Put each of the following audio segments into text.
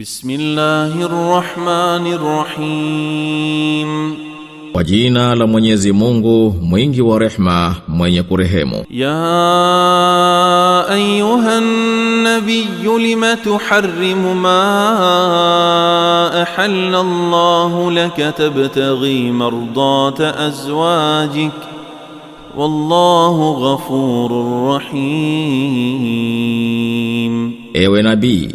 بسم الله الرحمن الرحيم Kwa jina la Mwenyezi Mungu mwingi wa rehma mwenye kurehemu. Ya ayuhan nabiyyu lima tuharrimu ma ahalla Allahu laka tabtaghi mardata azwajik wallahu ghafurur rahim. Ewe nabii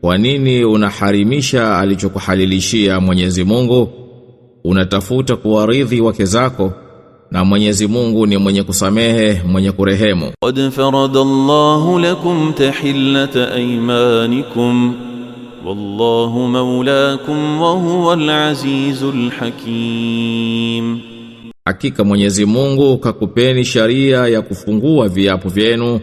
Kwa nini unaharimisha alichokuhalilishia Mwenyezi Mungu? Unatafuta kuwaridhi wake zako na Mwenyezi Mungu ni mwenye kusamehe, mwenye kurehemu. Qad faradallahu lakum tahillata aymanikum wallahu maulakum wa al azizul hakim. Hakika Mwenyezi Mungu kakupeni sharia ya kufungua viapo vyenu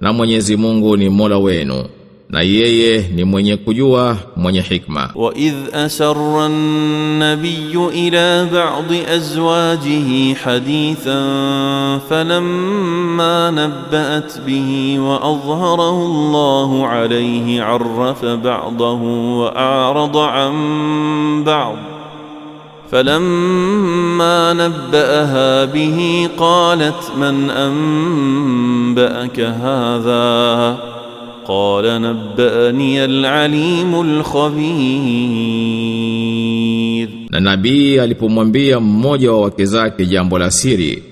na Mwenyezi Mungu ni Mola wenu. na yeye ni mwenye kujua mwenye hikma. wa idh asarra an-nabiyyu ila ba'di azwajihi hadithan falamma nabba'at bihi wa adhharahu Allahu alayhi 'arrafa ba'dahu wa a'rada 'an ba'd فلما نبأها به قالت من أنبأك هذا؟ قال نبأني العليم الخبير na nabii alipomwambia mmoja wa wake zake jambo la siri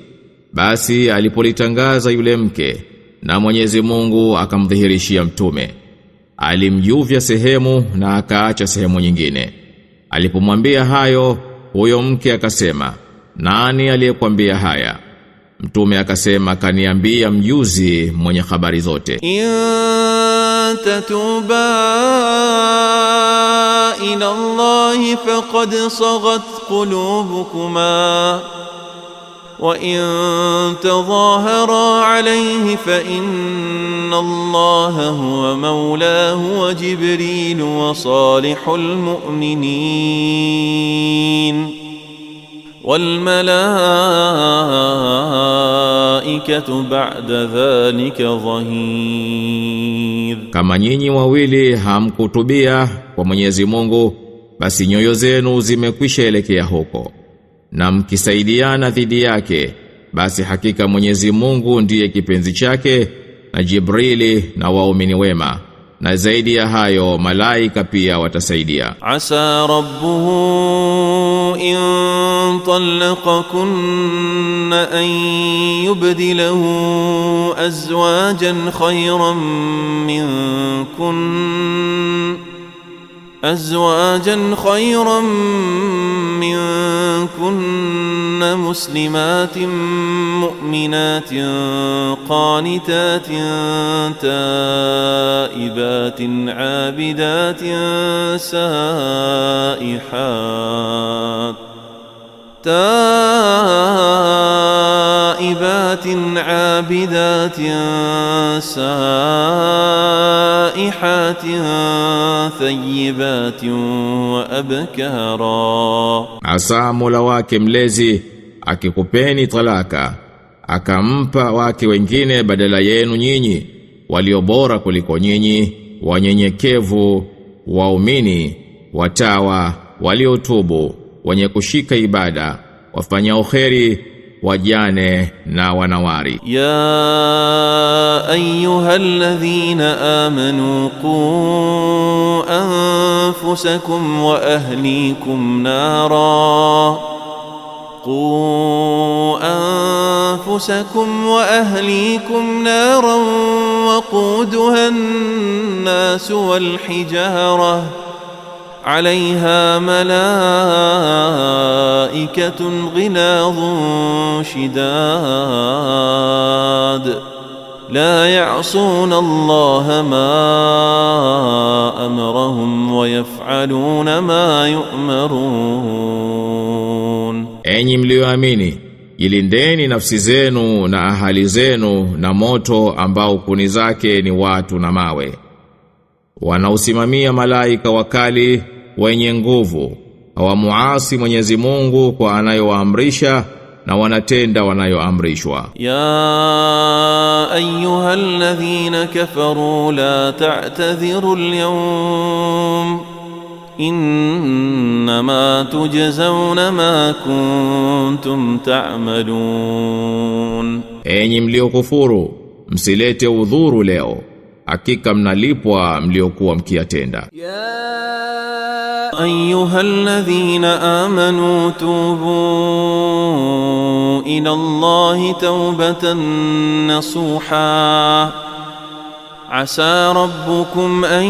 basi alipolitangaza yule mke na Mwenyezi Mungu akamdhihirishia mtume alimjuvya sehemu na akaacha sehemu nyingine alipomwambia hayo huyo mke akasema nani aliyekwambia haya mtume akasema kaniambia mjuzi mwenye habari zote تتوبا إلى الله فقد صغت قلوبكما وإن تظاهرا عليه فإن الله هو مولاه وجبريل وصالح المؤمنين والملائكة بعد ذلك ظهير kama nyinyi wawili hamkutubia kwa Mwenyezi Mungu basi nyoyo zenu zimekwisha elekea huko na mkisaidiana dhidi yake basi hakika Mwenyezi Mungu ndiye kipenzi chake na Jibrili na waumini wema na zaidi ya hayo malaika pia watasaidia. Asa rabbuhu in talaqakunna an yubdilahu azwajan khayran minkun أزواجا خيرا منكن مسلمات مؤمنات قانتات تائبات تائبات عابدات سائحات تائبات عابدات سائحات ثيبات وأبكارا عسى مولاك ملزي akikupeni طلاكا akampa وأكي wengine بدل yenu nyinyi walio bora kuliko nyinyi, wanyenyekevu, waumini, watawa, waliotubu, wenye kushika ibada, wafanya uheri, wajane na wanawari. Ya ayyuhalladhina amanu qu anfusakum wa ahlikum nara anfusakum wa ahlikum naran وقودها الناس والحجاره عليها ملائكه غلاظ شداد لا يعصون الله ما امرهم ويفعلون ما يؤمرون enyi Jilindeni nafsi zenu na ahali zenu na moto ambao kuni zake ni watu na mawe. Wanausimamia malaika wakali wenye nguvu, hawamuasi Mwenyezi Mungu kwa anayowaamrisha na wanatenda wanayoamrishwa. Ya ayyuhalladhina kafaru la ta'tadhiru al innama tujzauna ma kuntum ta'malun, enyi mliokufuru msilete udhuru leo, hakika mnalipwa mliokuwa mkiyatenda. أيها الذين آمنوا توبوا إلى الله توبة nasuha عسى ربكم ان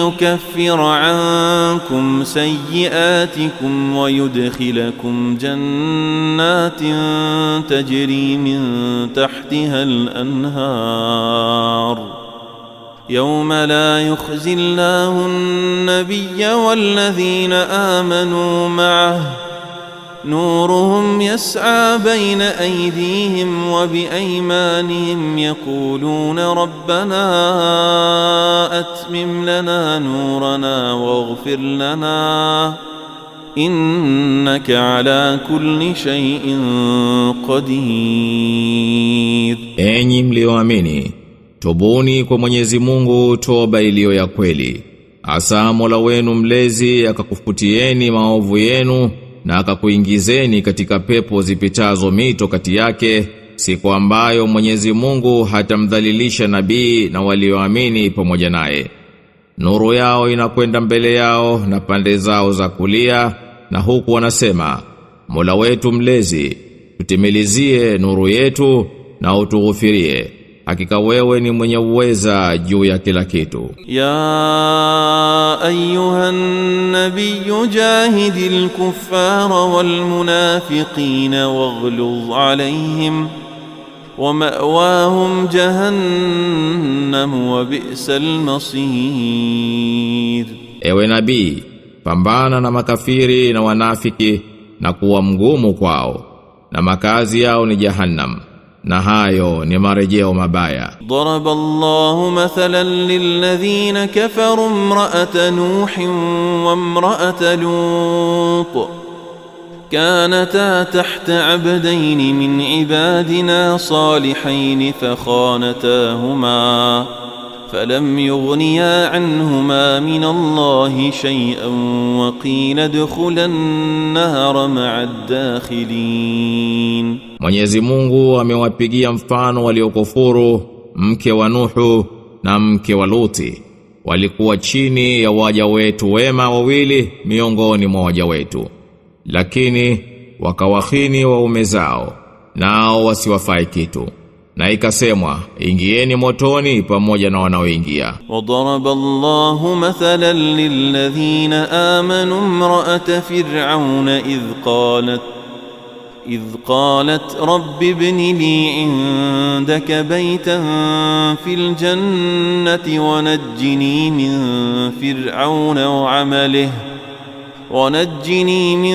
يكفر عنكم سيئاتكم ويدخلكم جنات تجري من تحتها الانهار يوم لا يخزي الله النبي والذين امنوا معه نورهم يسعى بين أيديهم وبأيمانهم يقولون ربنا أتمم لنا نورنا واغفر لنا إنك على كل شيء قدير Enyi mlioamini توبوني kwa Mwenyezi Mungu toba iliyo ya kweli asa Mola wenu mlezi akakufutieni maovu yenu na akakuingizeni katika pepo zipitazo mito kati yake siku ambayo Mwenyezi Mungu hatamdhalilisha nabii na walioamini pamoja naye. Nuru yao inakwenda mbele yao na pande zao za kulia, na huku wanasema Mola wetu mlezi, tutimilizie nuru yetu na utughufirie. Hakika wewe ni mwenye uweza juu ya kila kitu. Ya ayyuhan nabiy jahidil kuffara wal waghluz alayhim wa ma'wahum jahannam wa bi'sal masir, ewe nabii pambana na makafiri na wanafiki na kuwa mgumu kwao na makazi yao ni jahannam na hayo ni ضرب الله مثلا للذين كفروا امرأة نوح وامرأة لوط كانتا تحت عبدين من عبادنا صالحين فخانتاهما فلم يغنيا عنهما من الله شيئا وقيل ادخلا النهر مع الداخلين Mwenyezi Mungu amewapigia mfano waliokufuru mke wa Nuhu na mke wa Luti walikuwa chini ya waja wetu wema wawili miongoni mwa waja wetu lakini wakawahini waume zao nao wasiwafai kitu na ikasemwa ingieni motoni pamoja na wanaoingia. Wadaraba mathalan lilladhina amanu imra'ata fir'auna idh qalat إذ قالت رب ابن لي عندك بيتا في الجنة ونجني من فرعون وعمله ونجني من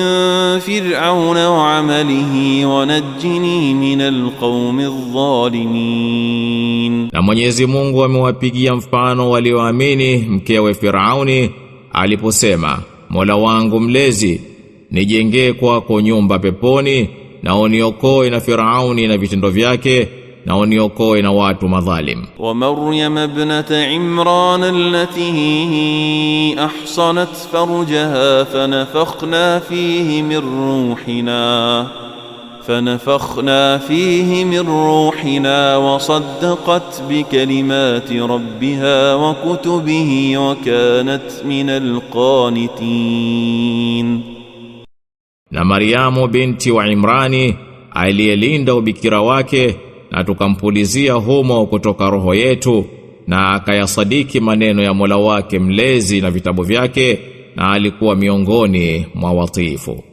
فرعون وعمله ونجني من القوم الظالمين na Mwenyezi Mungu amewapigia mfano walioamini mkewe Firauni aliposema Mola wangu mlezi nijengee kwako nyumba peponi na oniokoe na Firauni na vitendo vyake na oniokoe na watu madhalim. Wa Maryam ibnat Imran allati ahsanat farjaha fanafakhna fihi min ruhina فنفخنا فيه من روحنا وصدقت بكلمات ربها وكتبه وكانت من القانتين na Mariamu binti wa Imrani aliyelinda ubikira wake na tukampulizia humo kutoka roho yetu na akayasadiki maneno ya Mola wake mlezi na vitabu vyake na alikuwa miongoni mwa watiifu.